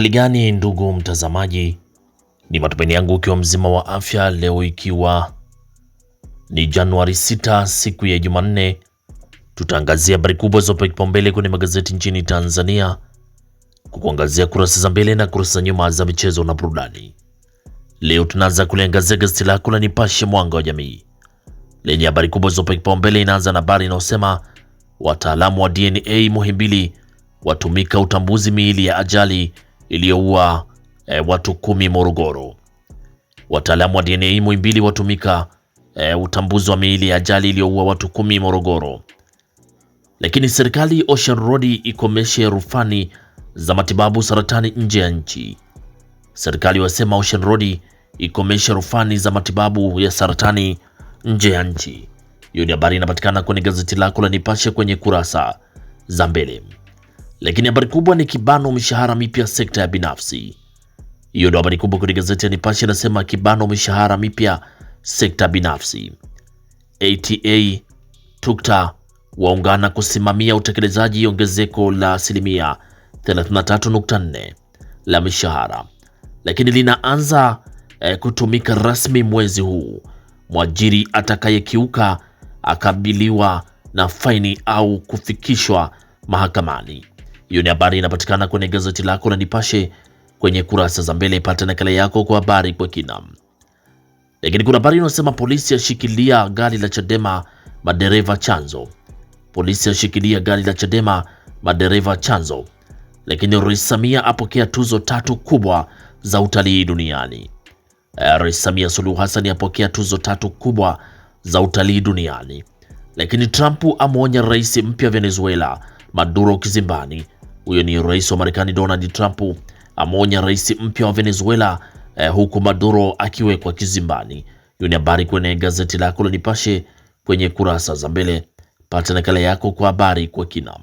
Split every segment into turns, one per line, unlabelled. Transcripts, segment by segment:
gani ndugu mtazamaji, ni matumaini yangu ukiwa mzima wa afya leo, ikiwa ni Januari 6 siku ya Jumanne, tutaangazia habari kubwa zopewa kipaumbele kwenye magazeti nchini Tanzania, kukuangazia kurasa za mbele na kurasa za nyuma za michezo na burudani. Leo tunaanza kuliangazia gazeti lako la Nipashe Mwanga wa Jamii lenye habari kubwa zopewa kipaumbele. Inaanza na habari inayosema wataalamu wa DNA Muhimbili watumika utambuzi miili ya ajali iliyoua e, watu kumi Morogoro. Wataalamu wa DNA Muhimbili watumika e, utambuzi wa miili ya ajali iliyoua watu kumi Morogoro. Lakini serikali Ocean Road ikomeshe rufani za matibabu saratani nje ya nchi. Serikali wasema Ocean Road ikomeshe rufani za matibabu ya saratani nje ya nchi. Hiyo ni habari inapatikana kwenye gazeti lako la Nipashe kwenye kurasa za mbele lakini habari kubwa ni kibano mishahara mipya sekta ya binafsi. Hiyo ndio habari kubwa kwenye gazeti ya Nipashe, inasema kibano mishahara mipya sekta binafsi. ATA tukta waungana kusimamia utekelezaji ongezeko la asilimia 33.4 la mishahara, lakini linaanza eh, kutumika rasmi mwezi huu. Mwajiri atakayekiuka akabiliwa na faini au kufikishwa mahakamani. Hiyo ni habari inapatikana kwenye gazeti lako la Nipashe kwenye kurasa za mbele. ipate nakala yako kwa habari kwa kina. Lakini kuna habari inasema polisi ashikilia gari la Chadema madereva chanzo. Polisi ashikilia gari la Chadema madereva chanzo. Lakini Rais Samia apokea tuzo tatu kubwa za utalii duniani. Eh, rais Samia Suluhu Hassan apokea tuzo tatu kubwa za utalii duniani. Lakini Trump amwonya rais mpya Venezuela Maduro kizimbani, huyo ni rais wa Marekani Donald Trump ameonya rais mpya wa Venezuela eh, huku Maduro akiwekwa kizimbani. Hiyo ni habari kwenye gazeti lako la Nipashe kwenye kurasa za mbele. Pata nakala yako kwa habari kwa kina.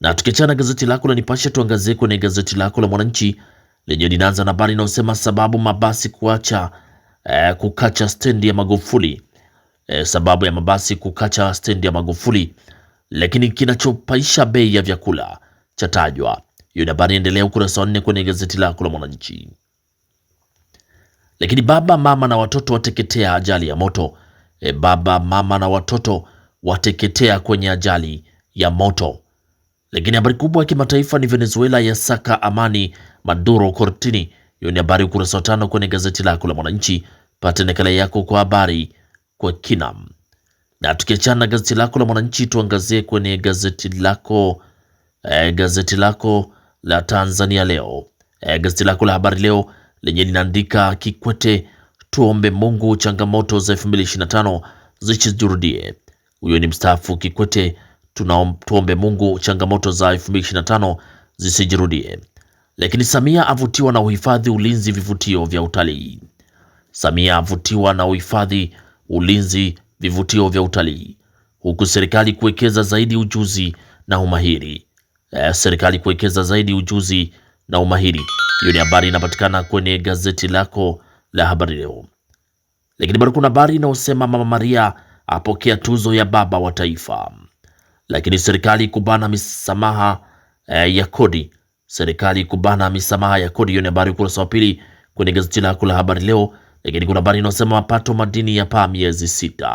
Na tukiachana gazeti lako la Nipashe, tuangazie kwenye gazeti lako la Mwananchi lenye linaanza na habari inayosema sababu mabasi kuacha eh, kukacha stendi ya Magufuli. Eh, sababu ya mabasi kukacha stendi ya Magufuli, lakini kinachopaisha bei ya vyakula chatajwa. Hiyo ni habari endelea ukurasa wa nne kwenye gazeti lako la Mwananchi. Lakini baba mama na watoto wateketea ajali ya moto. E, baba mama na watoto wateketea kwenye ajali ya moto. Lakini habari kubwa ya kimataifa ni Venezuela yasaka amani, Maduro kortini. Hiyo ni habari ukurasa wa tano kwenye gazeti lako la Mwananchi. Pata nakala yako kwa habari kwa kinam. Na tukiachana na gazeti lako la Mwananchi, tuangazie kwenye gazeti lako e, gazeti lako la Tanzania leo e, gazeti lako la habari leo lenye linaandika Kikwete, tuombe Mungu changamoto za 2025 zisijirudie. Huyo ni mstaafu Kikwete, tuombe Mungu changamoto za 2025 zisijirudie. Lakini Samia avutiwa na uhifadhi ulinzi vivutio vya utalii. Samia avutiwa na uhifadhi ulinzi vivutio vya utalii, huku serikali kuwekeza zaidi ujuzi na umahiri eh, serikali kuwekeza zaidi ujuzi na umahiri. Hiyo ni habari inapatikana kwenye gazeti lako la habari leo. Lakini bado kuna habari inayosema Mama Maria apokea tuzo ya baba wa taifa. Lakini serikali kubana misamaha eh, ya kodi, serikali kubana misamaha ya kodi. Hiyo ni habari ukurasa wa pili kwenye gazeti lako la habari leo. Lakini kuna habari inayosema mapato madini ya paa miezi sita.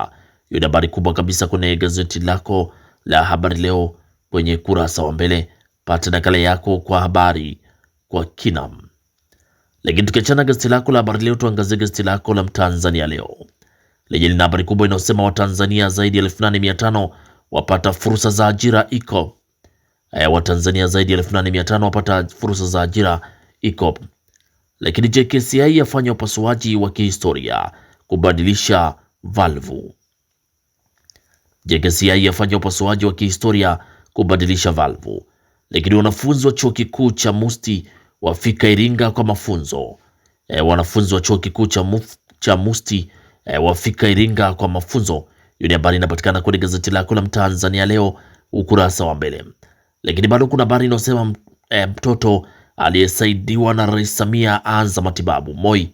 Hiyo ni habari kubwa kabisa kwenye gazeti lako la habari leo kwenye kurasa wa mbele. Pata nakala yako kwa habari kwa kinam. Lakini tukiachana gazeti lako la habari leo, tuangazie gazeti lako la Mtanzania leo lenye lina habari kubwa inayosema Watanzania zaidi ya 8500 wapata fursa za ajira iko Watanzania zaidi ya 8500 wapata fursa za ajira iko. Lakini JKCI yafanya upasuaji wa kihistoria kubadilisha valvu. JKCI yafanya upasuaji wa kihistoria kubadilisha valvu. Lakini wanafunzi wa chuo kikuu cha Musti wafika Iringa kwa mafunzo. E, wanafunzi wa chuo kikuu cha, cha Musti e, wafika Iringa kwa mafunzo. Hiyo ni habari inapatikana kwenye gazeti lako la Mtanzania leo ukurasa wa mbele. Lakini bado kuna habari inayosema e, mtoto aliyesaidiwa na Rais Samia anza matibabu Moi.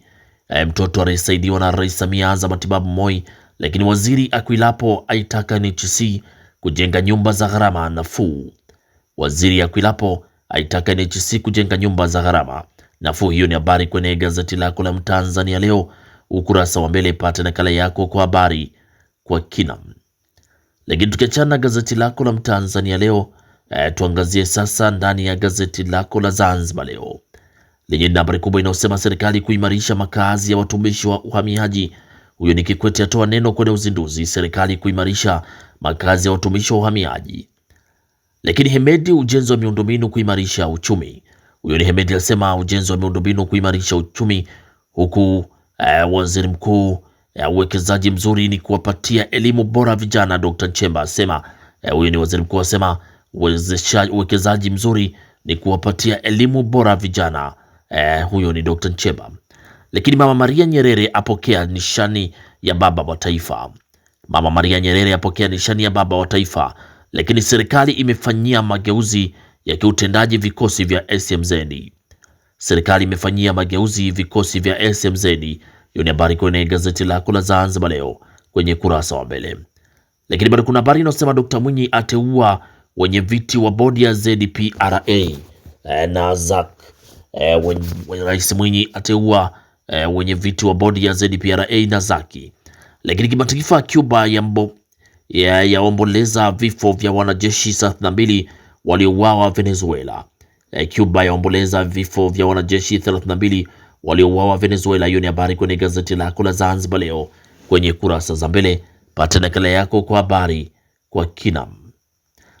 E, mtoto aliyesaidiwa na Rais Samia anza matibabu Moi. Lakini waziri Akwilapo aitaka NHC kujenga nyumba za gharama nafuu. Waziri Kwilapo aitaka NHC kujenga nyumba za gharama nafuu. Hiyo ni habari kwenye gazeti lako la Mtanzania leo ukurasa wa mbele, pata nakala yako kwa habari kwa kina. Lakini tukiachana gazeti lako la Mtanzania leo eh, tuangazie sasa ndani ya gazeti lako la Zanzibar leo lenye habari kubwa inayosema serikali kuimarisha makazi ya watumishi wa uhamiaji huyo ni Kikwete atoa neno kwenye uzinduzi serikali kuimarisha makazi ya watumishi wa uhamiaji. Lakini Hemedi, ujenzi wa miundombinu kuimarisha uchumi. Huyo ni Hemedi alisema ujenzi wa miundombinu kuimarisha uchumi, huku uh, waziri mkuu uh, uwekezaji mzuri ni kuwapatia elimu bora vijana. Dr Chemba asema eh, huyo eh, ni waziri mkuu asema uwekezaji mzuri ni kuwapatia elimu bora vijana. Uh, huyo ni Dr Chemba. Lakini Mama Maria Nyerere apokea nishani ya baba wa taifa. Mama Maria Nyerere apokea nishani ya baba wa taifa. Lakini serikali imefanyia mageuzi ya kiutendaji vikosi vya SMZ. Serikali imefanyia mageuzi vikosi vya SMZ. Hiyo ni habari kwenye gazeti lako la Zanzibar leo kwenye kurasa wa mbele. Lakini bado kuna habari inasema Dr. Mwinyi ateua wenye viti wa bodi ya ZPRA eh, na ZAC. E, eh, Rais Mwinyi ateua Eh, wenye viti wa bodi ya ZPRA na Zaki. Lakini kimataifa ya Cuba yaomboleza ya yaomboleza vifo vya wanajeshi 32 waliouawa Venezuela. E, Cuba yaomboleza vifo vya wanajeshi 32 waliouawa Venezuela. Hiyo ni habari kwenye gazeti lako la Zanzibar leo kwenye kurasa za mbele, pata nakala yako kwa habari kwa kina.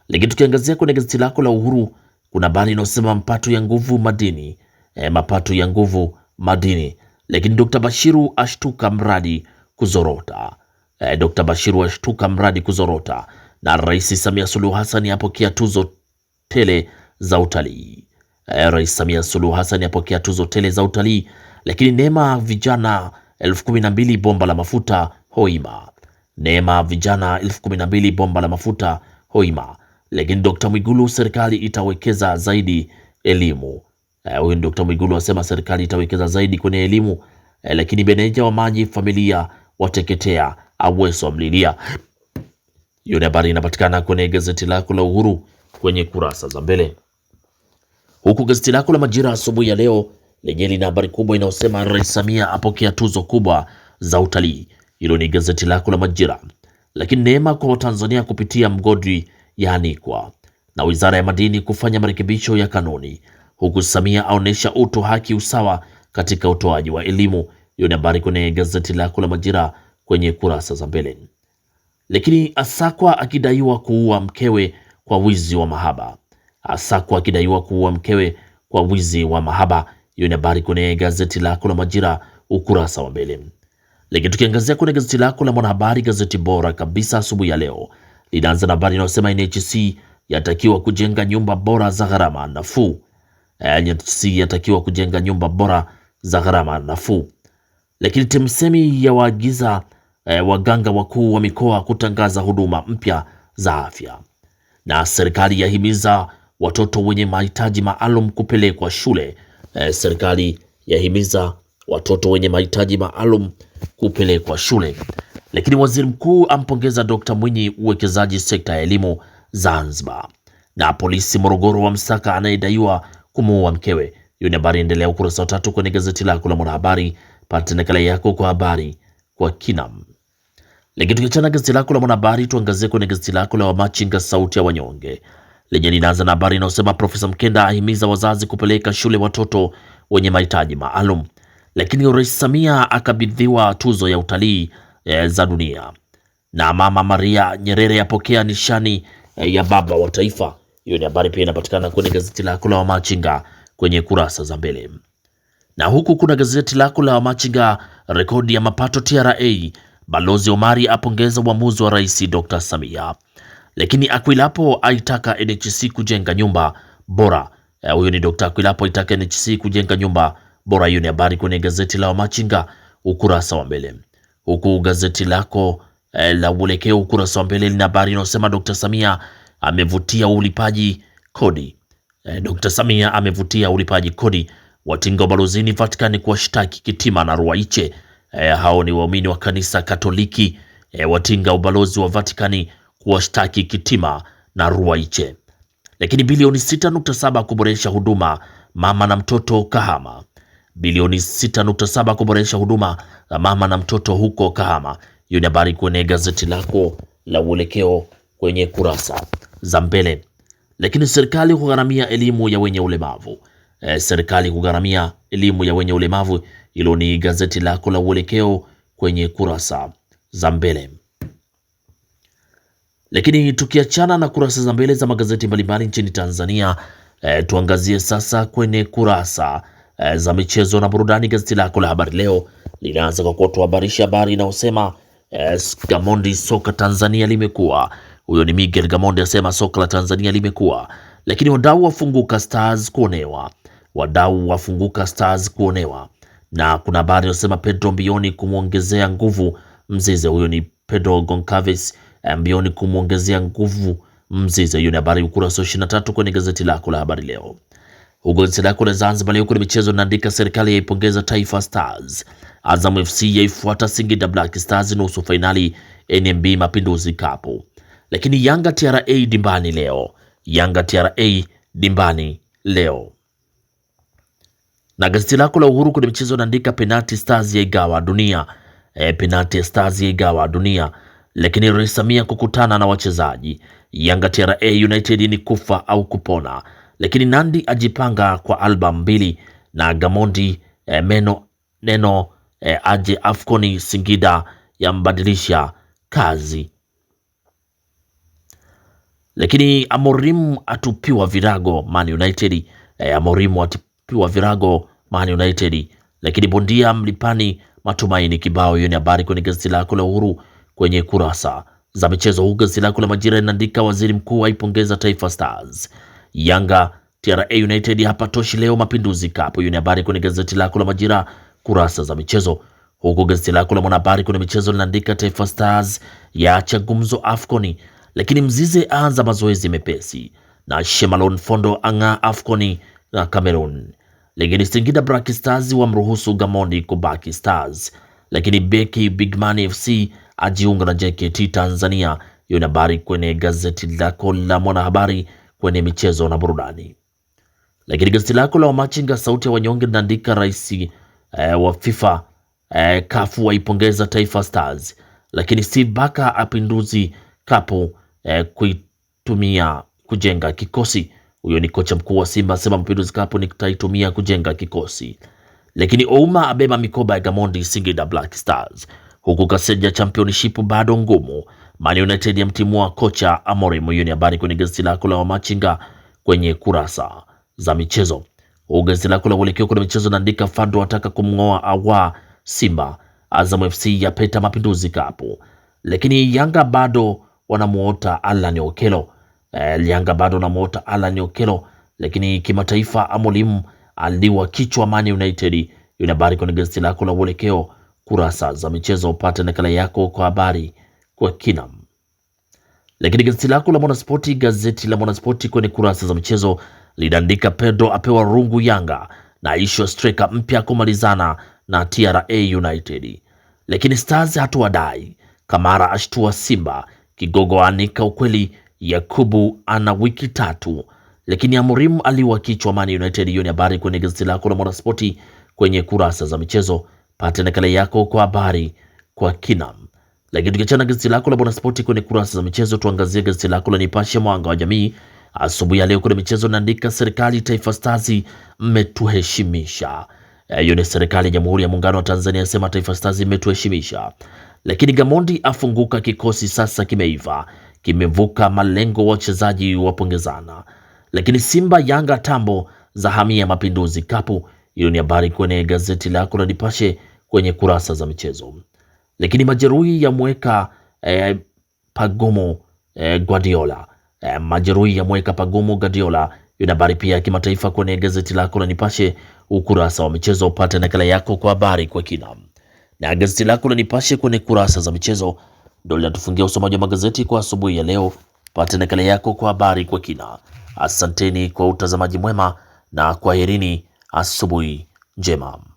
Lakini tukiangazia kwenye gazeti lako la Uhuru kuna habari inayosema mapato ya nguvu madini e, mapato ya nguvu madini lakini Dr. Bashiru ashtuka mradi kuzorota. E, eh, Dr. Bashiru ashtuka mradi kuzorota. Na Rais Samia Suluhu Hassan apokea tuzo tele za utalii. E, Rais Samia Suluhu Hassan apokea tuzo tele za utalii. Lakini neema vijana elfu kumi na mbili bomba la mafuta Hoima. Neema vijana elfu kumi na mbili bomba la mafuta Hoima. Lakini Dr. Mwigulu serikali itawekeza zaidi elimu. Eh, huyu ni Dr. Mwigulu asema serikali itawekeza zaidi kwenye elimu uh, lakini meneja wa maji familia wateketea, Aweso amlilia. Hiyo ni habari inapatikana kwenye gazeti lako la Uhuru kwenye kurasa za mbele, huku gazeti lako la Majira asubuhi ya leo lenye lina habari kubwa inayosema Rais Samia apokea tuzo kubwa za utalii. Hilo ni gazeti lako la Majira. Lakini neema kwa Watanzania kupitia mgodi yaanikwa, na wizara ya madini kufanya marekebisho ya kanuni huku Samia aonyesha utu, haki, usawa katika utoaji wa elimu. Hiyo ni habari kwenye gazeti lako la Majira kwenye kurasa za mbele. Lakini Asakwa akidaiwa kuua mkewe kwa wizi wa mahaba. Asakwa akidaiwa kuua mkewe kwa wizi wa mahaba. Hiyo ni habari kwenye gazeti lako la Majira ukurasa wa mbele. Lakini tukiangazia kwenye gazeti lako la Mwanahabari, gazeti bora kabisa asubuhi ya leo, linaanza na habari inayosema NHC yatakiwa kujenga nyumba bora za gharama nafuu. Eh, IFC yatakiwa kujenga nyumba bora za gharama nafuu. Lakini TAMISEMI yawaagiza e, eh, waganga wakuu wa mikoa kutangaza huduma mpya za afya, na serikali yahimiza watoto wenye mahitaji maalum kupelekwa shule. E, serikali yahimiza watoto wenye mahitaji maalum kupelekwa shule. Lakini waziri mkuu ampongeza Dkt. Mwinyi uwekezaji sekta ya elimu Zanzibar, na polisi Morogoro wamsaka anayedaiwa kumuua mkewe. Hiyo ni habari endelea ukurasa wa tatu kwenye gazeti lako la Mwanahabari. Pata nakala yako kwa habari kwa kinam. Lakini tukiachana gazeti lako la Mwanahabari, tuangazie kwenye gazeti lako la Wamachinga sauti ya wanyonge lenye linaanza na habari inayosema Profesa Mkenda ahimiza wazazi kupeleka shule watoto wenye mahitaji maalum. Lakini Rais Samia akabidhiwa tuzo ya utalii e, za dunia na Mama Maria Nyerere yapokea nishani e, ya baba wa taifa. Hiyo ni habari pia inapatikana kwenye gazeti lako la Wamachinga kwenye kurasa za mbele, na huku kuna gazeti lako la Wamachinga, rekodi ya mapato TRA, Balozi Omari apongeza uamuzi wa Rais Dr. Samia, lakini Akwilapo aitaka NHC kujenga nyumba bora. Eh, huyo ni Dr. Akwilapo aitaka NHC kujenga nyumba bora. Hiyo ni habari kwenye gazeti la Wamachinga ukurasa wa mbele, huku gazeti lako eh, la Uelekeo ukurasa wa mbele lina habari inayosema Dr. Samia amevutia ulipaji kodi. E, eh, Dr. Samia amevutia ulipaji kodi. Watinga ubalozini Vatikani kuwashtaki Kitima na Ruwaiche. E, hao ni waumini wa kanisa Katoliki e, watinga ubalozi wa Vatikani kuwashtaki Kitima na Ruwaiche. Lakini bilioni 6.7 kuboresha huduma mama na mtoto Kahama, bilioni 6.7 kuboresha huduma za mama na mtoto huko Kahama. Hiyo ni habari kwenye gazeti lako la Uelekeo kwenye kurasa za mbele, lakini serikali kugharamia elimu ya wenye ulemavu. E, serikali kugharamia elimu ya wenye ulemavu. Hilo ni gazeti lako la Uelekeo kwenye kurasa za mbele. Lakini tukiachana na kurasa za mbele za magazeti mbalimbali nchini Tanzania, e, tuangazie sasa kwenye kurasa e, za michezo na burudani. Gazeti lako la Habari Leo linaanza kwa kutuhabarisha habari inayosema e, Gamondi Soka Tanzania limekuwa huyo ni Miguel Gamonde asema soka la Tanzania limekuwa, lakini wadau wafunguka Stars kuonewa, wadau wafunguka Stars kuonewa. Na kuna habari inasema Pedro mbioni kumwongezea nguvu Mzize. Huyo ni Pedro Goncalves eh, mbioni kumwongezea nguvu Mzize. Hiyo ni habari ukurasa wa 23 kwenye gazeti lako la habari leo. Huko gazeti lako la Zanzibar leo kuna michezo naandika serikali yaipongeza Taifa Stars. Azam FC yaifuata Singida Black Stars nusu fainali NMB Mapinduzi Cup lakini Yanga TRA dimbani leo, Yanga TRA dimbani leo. Na gazeti lako la Uhuru kwenye michezo naandika penati Stars yaigawa dunia e, penati Stars yaigawa dunia, lakini Rais Samia kukutana na wachezaji Yanga TRA United ni kufa au kupona, lakini Nandi ajipanga kwa albam mbili na Gamondi e, meno neno e, aje Afconi Singida yambadilisha kazi lakini Amorim atupiwa virago Man United. E, Amorim atupiwa virago Man United. Lakini bondia mlipani matumaini kibao. Hiyo ni habari kwenye gazeti lako la Uhuru kwenye kurasa za michezo. Huu gazeti lako la Majira inaandika waziri mkuu aipongeza Taifa Stars. Yanga TRA United hapa toshi leo Mapinduzi Cup. Hiyo ni habari kwenye gazeti lako la Majira kurasa za michezo, Huko gazeti lako la Mwanahabari kwenye michezo linaandika Taifa Stars yaacha gumzo Afconi lakini Mzize aanza mazoezi mepesi na Shemalon Fondo anga Afconi na Cameroon. Lakini Singida Black Stars wamruhusu Gamondi kubaki Stars, lakini beki Bigman FC ajiunga na JKT Tanzania. Hiyo ni habari kwenye gazeti lako la Mwanahabari kwenye michezo na burudani. Lakini gazeti lako la Wamachinga Sauti ya Wanyonge linaandika rais eh, wa FIFA eh, kafu waipongeza Taifa Stars, lakini si baka apinduzi Kapu eh, kuitumia kujenga kikosi. Huyo ni kocha mkuu wa Simba sema Mapinduzi Kapu nitaitumia kujenga kikosi. Lakini Ouma abeba mikoba ya Gamondi Singida Black Stars, huku Kaseja championship bado ngumu. Man United ya mtimua kocha Amorim. Hiyo ni habari kwenye gazeti lako la Wamachinga kwenye kurasa za michezo. Huku gazeti lako la Uelekeo kwenye michezo naandika Fadlu ataka kumng'oa awa Simba, Azam FC yapeta Mapinduzi Kapu. Lakini Yanga bado wanamuota Alan Okello. Eh, Yanga bado wanamuota Alan Okello, lakini kimataifa Amorim aliwa kichwa Man United. Hiyo ni habari kwenye gazeti lako la Uelekeo kurasa za michezo, upate nakala yako kwa habari kwa kina. Lakini gazeti lako la Mwanaspoti, gazeti la Mwanaspoti kwenye kurasa za michezo linaandika Pedro apewa rungu Yanga na ishu striker mpya kumalizana na TRA United. Lakini Stars hatuwadai Kamara ashtua Simba Kigogo anika ukweli, Yakubu ana wiki tatu, lakini Amorim aliwakichwa Man United. Hiyo ni habari kwenye gazeti lako la Mwanaspoti kwenye kurasa za michezo, Pata nakala yako kwa habari kwa kina. Lakini tukiachana gazeti lako la Mwanaspoti kwenye kurasa za michezo, tuangazie gazeti lako la Nipashe mwanga wa jamii asubuhi ya leo kwenye michezo naandika serikali Taifa Stars mmetuheshimisha. Eh, hiyo ni serikali ya Jamhuri ya Muungano wa Tanzania sema Taifa Stars imetuheshimisha lakini Gamondi afunguka. Kikosi sasa kimeiva, kimevuka malengo, wachezaji wapongezana. Lakini Simba Yanga tambo za hamia Mapinduzi Kapu. Hiyo ni habari kwenye gazeti lako la Nipashe kwenye kurasa za michezo. Lakini majeruhi yamweka eh, pagumu eh, Guardiola eh, majeruhi yamweka pagumu Guardiola. Hiyo ni habari pia ya kimataifa kwenye gazeti lako la Nipashe ukurasa wa michezo. Upate nakala yako kwa habari kwa kinam na gazeti lako la Nipashe kwenye kurasa za michezo ndio linatufungia usomaji wa magazeti kwa asubuhi ya leo. Pata nakala yako kwa habari kwa kina. Asanteni kwa utazamaji mwema na kwaherini, asubuhi njema.